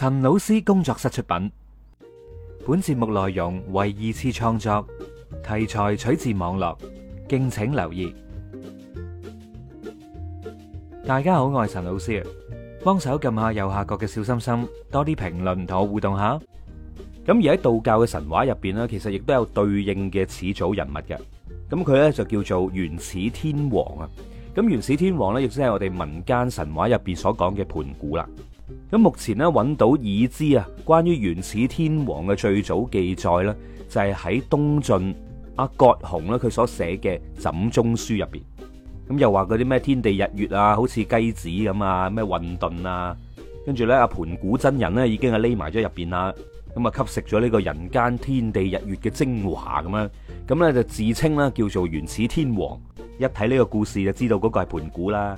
陳老師工作室出品，本節目內容為二次創作，題材取自網絡，敬請留意。大家好，我係陳老師，幫手撳下右下角嘅小心心，多啲評論同我互動下。咁而喺道教嘅神話入邊呢，其實亦都有對應嘅始祖人物嘅。咁佢呢，就叫做原始天王啊。咁原始天王呢，亦即係我哋民間神話入邊所講嘅盤古啦。咁目前搵到已知啊，關於原始天王嘅最早記載咧，就係喺東晉阿葛洪咧佢所寫嘅《枕中書》入邊。咁又話嗰啲咩天地日月啊，好似雞子咁啊，咩混沌啊，跟住呢，阿盤古真人咧已經係匿埋咗入邊啦，咁啊吸食咗呢個人間天地日月嘅精華咁樣，咁咧就自稱啦，叫做原始天王。一睇呢個故事就知道嗰個係盤古啦。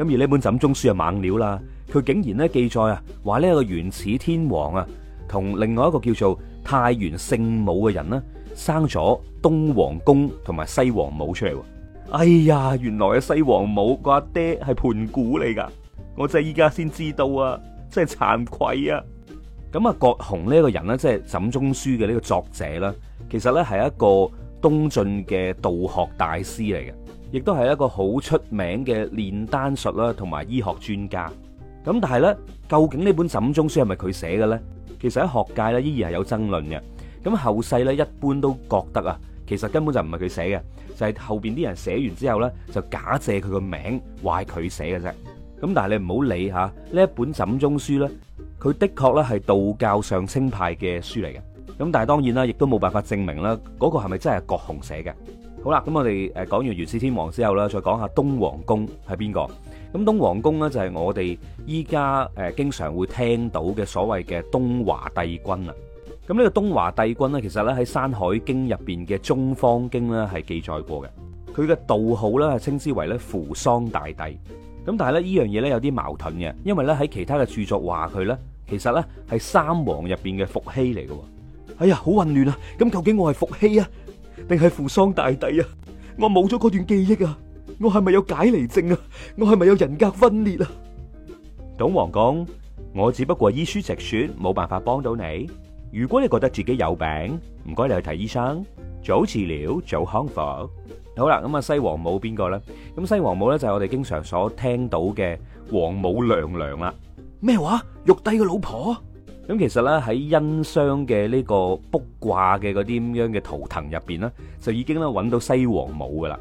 咁而呢本《枕中書》啊，猛料啦！佢竟然咧記載啊，話呢個原始天王啊，同另外一個叫做太元聖母嘅人咧，生咗東王公同埋西王母出嚟。哎呀，原來啊西王母個阿爹係盤古嚟噶！我真係依家先知道啊，真係慚愧啊！咁啊，葛洪呢個人咧，即係《枕中書》嘅呢個作者啦，其實咧係一個東晉嘅道學大師嚟嘅。亦都係一個好出名嘅煉丹術啦，同埋醫學專家。咁但係咧，究竟呢本《枕中書》係咪佢寫嘅咧？其實喺學界咧依然係有爭論嘅。咁後世咧一般都覺得啊，其實根本就唔係佢寫嘅，就係後邊啲人寫完之後咧，就假借佢個名話係佢寫嘅啫。咁但係你唔好理吓呢一本《枕中書》咧，佢的確咧係道教上清派嘅書嚟嘅。咁但係當然啦，亦都冇辦法證明啦，嗰個係咪真係葛洪寫嘅？好啦，咁我哋誒講完元始天王之後呢，再講下東皇公係邊個？咁東皇公咧就係我哋依家誒經常會聽到嘅所謂嘅東華帝君啊。咁、這、呢個東華帝君咧，其實咧喺《山海經》入邊嘅中方經咧係記載過嘅。佢嘅道號咧係稱之為咧扶桑大帝。咁但係咧呢樣嘢咧有啲矛盾嘅，因為咧喺其他嘅著作話佢咧其實咧係三皇入邊嘅伏羲嚟嘅。哎呀，好混亂啊！咁究竟我係伏羲啊？定係扶桑大帝啊！我冇咗嗰段記憶啊！我係咪有解離症啊？我係咪有人格分裂啊？董王講：我只不過依書直說，冇辦法幫到你。如果你覺得自己有病，唔該你去睇醫生，早治療，早康復。好啦，咁啊西王母邊個咧？咁西王母咧就係我哋經常所聽到嘅王母娘娘啦。咩話？玉帝嘅老婆？咁其實咧喺殷商嘅呢個卜卦嘅嗰啲咁樣嘅圖騰入邊咧，就已經咧揾到西王母嘅啦。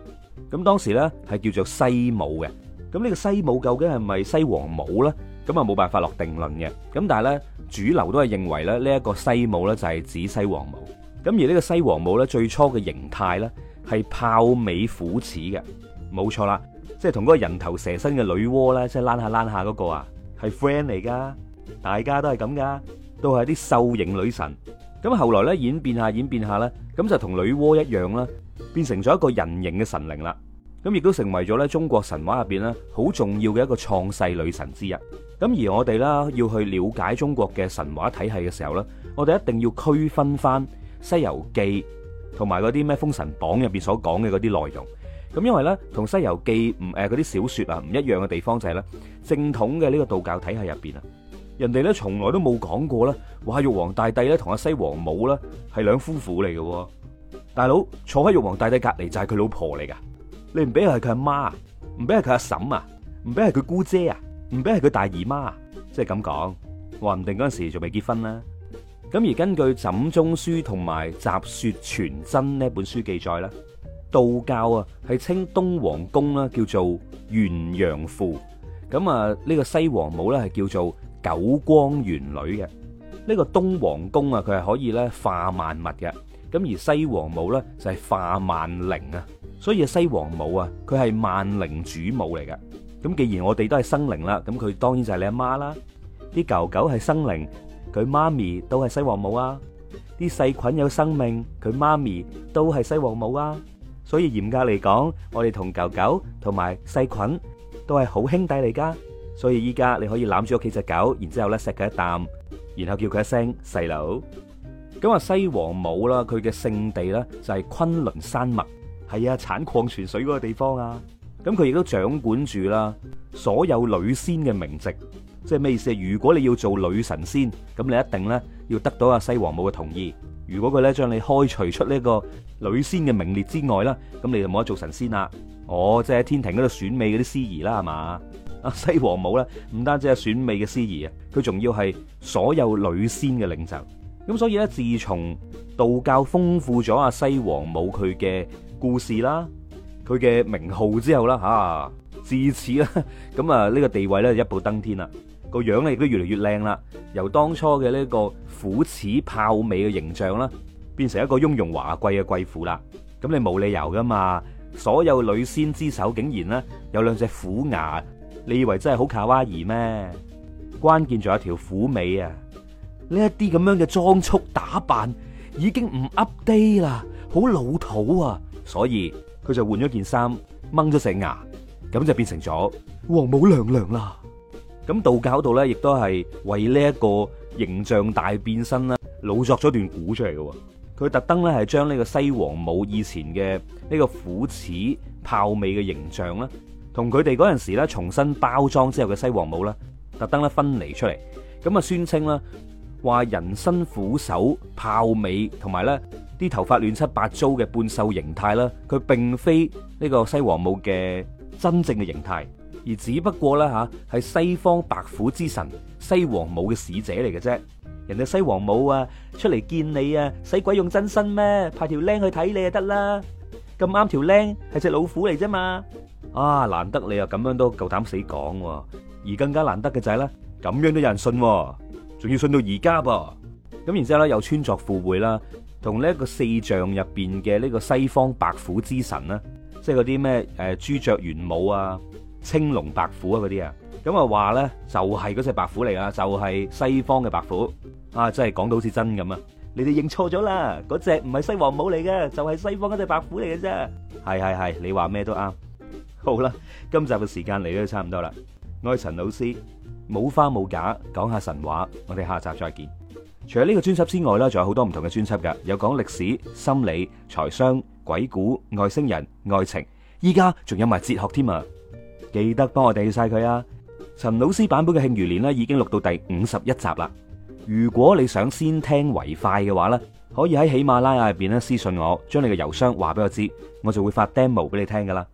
咁當時咧係叫做西母嘅。咁呢個西母究竟係咪西王母咧？咁啊冇辦法落定論嘅。咁但係咧主流都係認為咧呢一個西母咧就係指西王母。咁而呢個西王母咧最初嘅形態咧係豹尾虎齒嘅，冇錯啦，即係同嗰個人頭蛇身嘅女媧咧，即係躝下躝下嗰個啊，係 friend 嚟㗎，大家都係咁㗎。都係啲獸形女神，咁後來咧演變下演變下咧，咁就同女媧一樣啦，變成咗一個人形嘅神靈啦，咁亦都成為咗咧中國神話入邊咧好重要嘅一個創世女神之一。咁而我哋啦要去了解中國嘅神話體系嘅時候咧，我哋一定要區分翻《西遊記》同埋嗰啲咩《封神榜》入邊所講嘅嗰啲內容。咁因為咧，同《西遊記》唔誒嗰啲小說啊唔一樣嘅地方就係咧，正統嘅呢個道教體系入邊啊。人哋咧，從來都冇講過啦。話玉皇大帝咧同阿西皇母咧係兩夫婦嚟嘅。大佬坐喺玉皇大帝隔離就係佢老婆嚟噶，你唔俾係佢阿媽啊，唔俾係佢阿嬸啊，唔俾係佢姑姐啊，唔俾係佢大姨媽啊，即係咁講話唔定嗰陣時仲未結婚啦。咁而根據《枕中書》同埋《集雪全真》呢一本書記載啦，道教啊係稱東王公啦叫做元陽父，咁啊呢個西皇母呢，係叫做九光玄女。嘅呢個東王公啊，佢係可以咧化萬物嘅。咁而西王母咧就係化萬靈啊，所以西王母啊，佢係萬靈主母嚟嘅。咁既然我哋都係生靈啦，咁佢當然就係你阿媽啦。啲狗狗係生靈，佢媽咪都係西王母啊。啲細菌有生命，佢媽咪都係西王母啊。所以嚴格嚟講，我哋同狗狗同埋細菌都係好兄弟嚟噶。所以依家你可以攬住屋企隻狗，然之後咧錫佢一啖，然後叫佢一聲細佬。咁啊，西王母啦，佢嘅聖地啦就係崑崙山脈，係啊，產礦泉水嗰個地方啊。咁佢亦都掌管住啦所有女仙嘅名籍，即係咩意思？如果你要做女神仙，咁你一定咧要得到阿西王母嘅同意。如果佢咧將你開除出呢個女仙嘅名列之外啦，咁你就冇得做神仙啦。哦，即係喺天庭嗰度選美嗰啲司儀啦，係嘛？阿西王母咧，唔單止係選美嘅司儀啊，佢仲要係所有女仙嘅領袖。咁所以咧，自從道教豐富咗阿西王母佢嘅故事啦，佢嘅名號之後啦，吓、啊、自此咧咁啊呢個地位咧一步登天啦。個樣咧亦都越嚟越靚啦，由當初嘅呢個虎齒豹尾嘅形象啦，變成一個雍容華貴嘅貴婦啦。咁你冇理由噶嘛？所有女仙之首竟然咧有兩隻虎牙。你以為真係好卡哇伊咩？關鍵仲有條虎尾啊！呢一啲咁樣嘅裝束打扮已經唔 update 啦，好老土啊！所以佢就換咗件衫，掹咗成牙，咁就變成咗王母娘娘啦！咁道教度咧，亦都係為呢一個形象大變身啦，老作咗段古出嚟嘅。佢特登咧係將呢個西王母以前嘅呢個虎齒豹尾嘅形象同佢哋嗰陣時咧，重新包裝之後嘅西王母咧，特登咧分離出嚟，咁啊宣稱啦，話人身虎首、豹尾，同埋咧啲頭髮亂七八糟嘅半獸形態啦，佢並非呢個西王母嘅真正嘅形態，而只不過啦吓係西方白虎之神西王母嘅使者嚟嘅啫。人哋西王母啊，出嚟見你啊，使鬼用真身咩？派條靚去睇你就得啦。咁啱條靚係隻老虎嚟啫嘛。啊！難得你又咁樣都夠膽死講，而更加難得嘅就係、是、咧，咁樣都有人信，仲要信到而家噃。咁然之後咧，又穿鑿附會啦，同呢一個四象入邊嘅呢個西方白虎之神啦，即係嗰啲咩誒朱雀、玄武啊、青龍、白虎啊嗰啲啊，咁啊話咧就係嗰隻白虎嚟啊，就係、是、西方嘅白虎啊，真係講到好似真咁啊、就是。你哋認錯咗啦，嗰隻唔係西王母嚟嘅，就係西方嗰隻白虎嚟嘅啫。係係係，你話咩都啱。好啦，今集嘅時間嚟到差唔多啦。我係陳老師冇花冇假講下神話，我哋下集再見。除咗呢個專輯之外呢，仲有好多唔同嘅專輯噶，有講歷史、心理、財商、鬼故、外星人、愛情，依家仲有埋哲學添啊！記得幫我訂閱晒佢啊！陳老師版本嘅《慶餘年》呢已經錄到第五十一集啦。如果你想先聽為快嘅話呢，可以喺喜馬拉雅入邊咧私信我，將你嘅郵箱話俾我知，我就會發 demo 俾你聽噶啦。